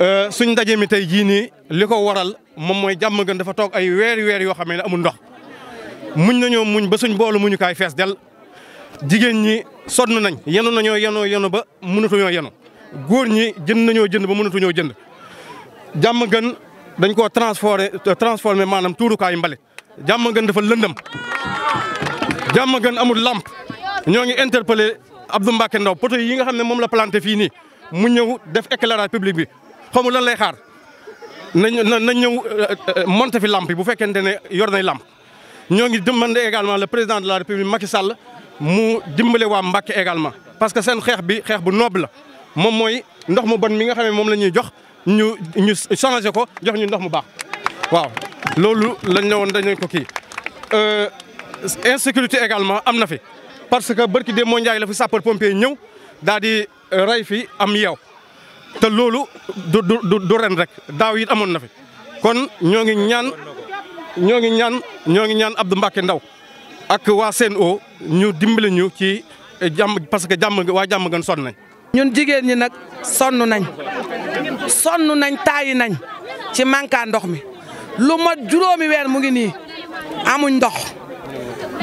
Euh, suñ ndaje mi tey jii nii li ko waral moom mooy jàmm gën dafa toog ay weer weer yoo xam ne amul ndox muñ nañoo muñ ba suñ boolu muñu kaay fees del jigéen ñi sonn nañ yenu nañoo yenoo yenu ba mënatuñoo yenu góor ñi jënd nañoo jënd ba mënatuñoo jënd jàmm gën dañ ko transformé euh, transformé maanaam tuurukaayu mbalit jàmm gën dafa lëndëm jàmm gën amul lamp ñoo ngi interpellé Abdou Mbacke Ndaw poto yi nga xam ne moom la planté fii nii mu ñëw def éclairage public bi xamul lan lay xaar nañ na ñëw euh, euh, monte fi làmp yi bu fekkente ne yor nay lamp ñoo ngi demandé également le président de la république Macky Sall mu dimbale waa Mbacké également. parce que seen xeex bi xeex bu noble la moom mooy ndox mu bon mi nga xam ne moom la ñuy jox ñu ñu changé ko jox ñu ndox mu baax waaw loolu lañ ne woon dañu ko kii. Euh, insécurité également am na fi parce que barki démb moo Ndiaye la fi sapeur pompier ñëw daal di rey fi am yeew. te loolu du du du ren rek daaw it amoon na fi kon ñoo ngi ñaan ñoo ngi ñaan ñoo ngi ñaan Abdou Mbacke Ndaw ak waa CNO ñu dimbali ñu ci jàmm parce que jàmm waa jàmm gan sonn nañ. ñun jigéen ñi nag sonn nañ sonn nañ taayi nañ ci manka ndox mi lu mat juróomi weer mu ngi nii amuñ ndox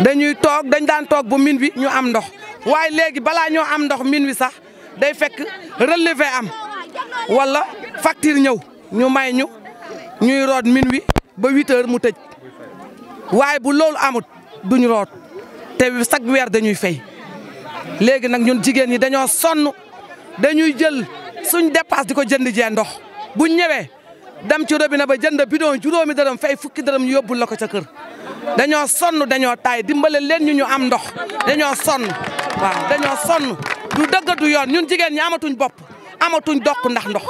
dañuy toog dañ daan toog bu min wi ñu am ndox waaye léegi balaa ñoo am ndox min wi sax day fekk relevé am. wala facture ñëw ñu may ñu ñuy root minuit ba huit mu tëj waaye bu loolu amut duñ root te chaque weer dañuy fay léegi nag ñun jigéen ñi dañoo sonn dañuy jël suñ dépasse di ko jënd jee ndox bu ñewee dem ci robinet ba jënd bidon juróomi dërëm fay fukki dërëm ñu yóbbul la ko ca kër dañoo sonn dañoo tay dimbale leen ñu ñu am ndox dañoo sonn waaw dañoo sonn du dëgg du yoon ñun jigéen ñi amatuñ bopp amatuñ dokk ndax ndox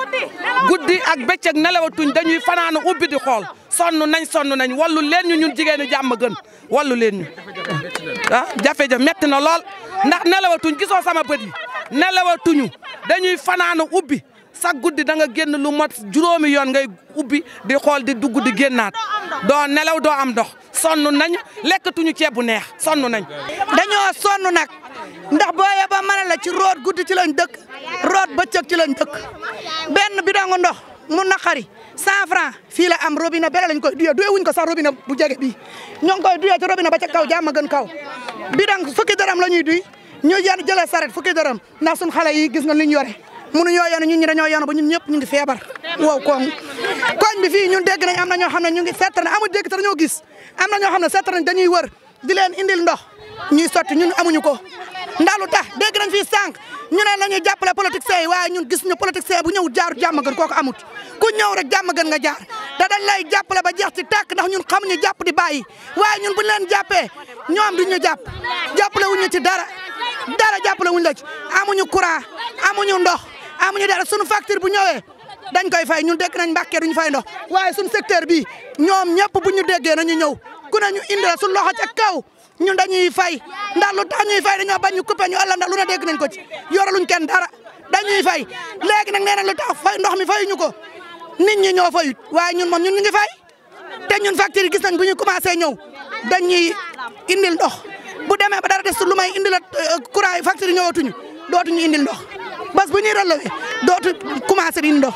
guddi ak bëccëg nelawatuñ dañuy fanaana ubbi di xool sonn nañ sonn nañ wallu leen ñu ñun jigéenu jàmm gën wallu leen ñu ah jafe-jafe metti na lool ndax nelawatuñ gisoo sama bët yi nelawatuñu dañuy fanaana ubbi sax guddi da nga génn lu mot juróomi yoon ngay ubbi di xool di dugg di génnaat doo nelaw doo am ndox sonn nañ lekkatuñu ceeb bu neex sonn nañ. dañoo sonn nag ndax boo yeboo ma ne la ci root guddi ci lañ dëkk root bëccëg ci lañ dëkk benn bidon ndox na naqari 100 francs fii la am robinet bele lañ koy duyee duyee wuñ ko sax robinet bu jege bii ñoo ngi koy duyee ci robinet ba ca kaw jàmm gën kaw bidon fukki dërëm la ñuy duy ñu yenn jëlee saret fukki dërëm ndax suñ xale yi gis nga li ñu yore mënuñoo yone ñun ñi dañoo yone ba ñun ñëpp ñu ngi feebar wow koŋ koñ bi fii ñun dégg am naño ñoo xam ne ñu ngi seet na amul dégg te dañoo gis am na ñoo xam ne seet nañ dañuy wër di leen indil ndox ñuy sotti ñun amuñu ko ndax lu tax dégg nañ fii sànq ñu ne la ñuy jàppale politiciens yi waaye ñun gis ñu politicien bu ñëw jaaru jàmm gën kooku amut ku ñëw rek jàmm gën nga jaar te dañ lay jàppale ba jeex ci tàkk ndax ñun xamuñu jàpp di bàyyi waaye ñun buñ leen jàppee ñoom duñ ñu jàpp jàppale wuñu ci dara dara jàppale wuñ la ci amuñu courant amuñu ndox amuñu dara suñu facture bu ñëwee dañ koy fay ñun dëkk nañ Mbàkke duñu fay ndox waaye suñ secteur bi ñoom ñëpp bu ñu déggee nañu ñëw ku ne ñu indil suñ loxo ca kaw ñun dañuy fay ndax lu tax ñuy fay dañoo bañ ñu coupé ñu àll ndax lu ne dégg nañ ko ci yoraluñ kenn dara dañuy fay léegi nag nee nañ lu tax fay ndox mi ñu ko nit ñi ñoo fayut waaye ñun moom ñun ñi ngi fay te ñun facture yi gis nañ bu ñu commencé ñëw dañuy indil ndox bu demee ba dara des lu may indil euh, courant yi facture yi ñëwatuñu dootuñu indil ndox bas bu ñuy relevé commencé di indi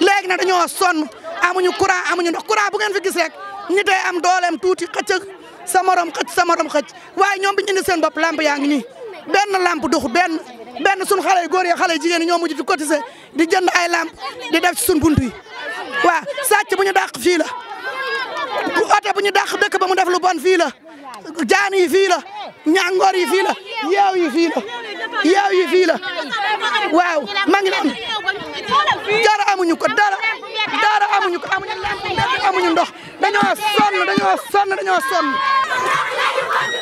léegi nag dañoo sonn amuñu courant amuñu ndox courant bu ngeen fi gis rek ñi tey am dooleem tuuti xëcc sa morom xëcc sa morom xëcc waaye ñoom bi ñu indi seen bopp lamp yaa ngi nii benn lamp doxul benn benn sunu xale yu góor yi xale yu jigéen yi ñoo mujj di cotiser di jënd ay lamp di def ci sunu bunt yi waaw sàcc bu ñu dàq fii la bu ote bu ñu dàq dëkk ba mu def lu bon fii la jaan yi fii la ñàngoor yi fii yeew yi fii waaw ma ngi noonu dara amuñu ko dara dara amuñu ko amuñu lamp amuñu ndox dañoo sonn dañoo sonn dañoo sonn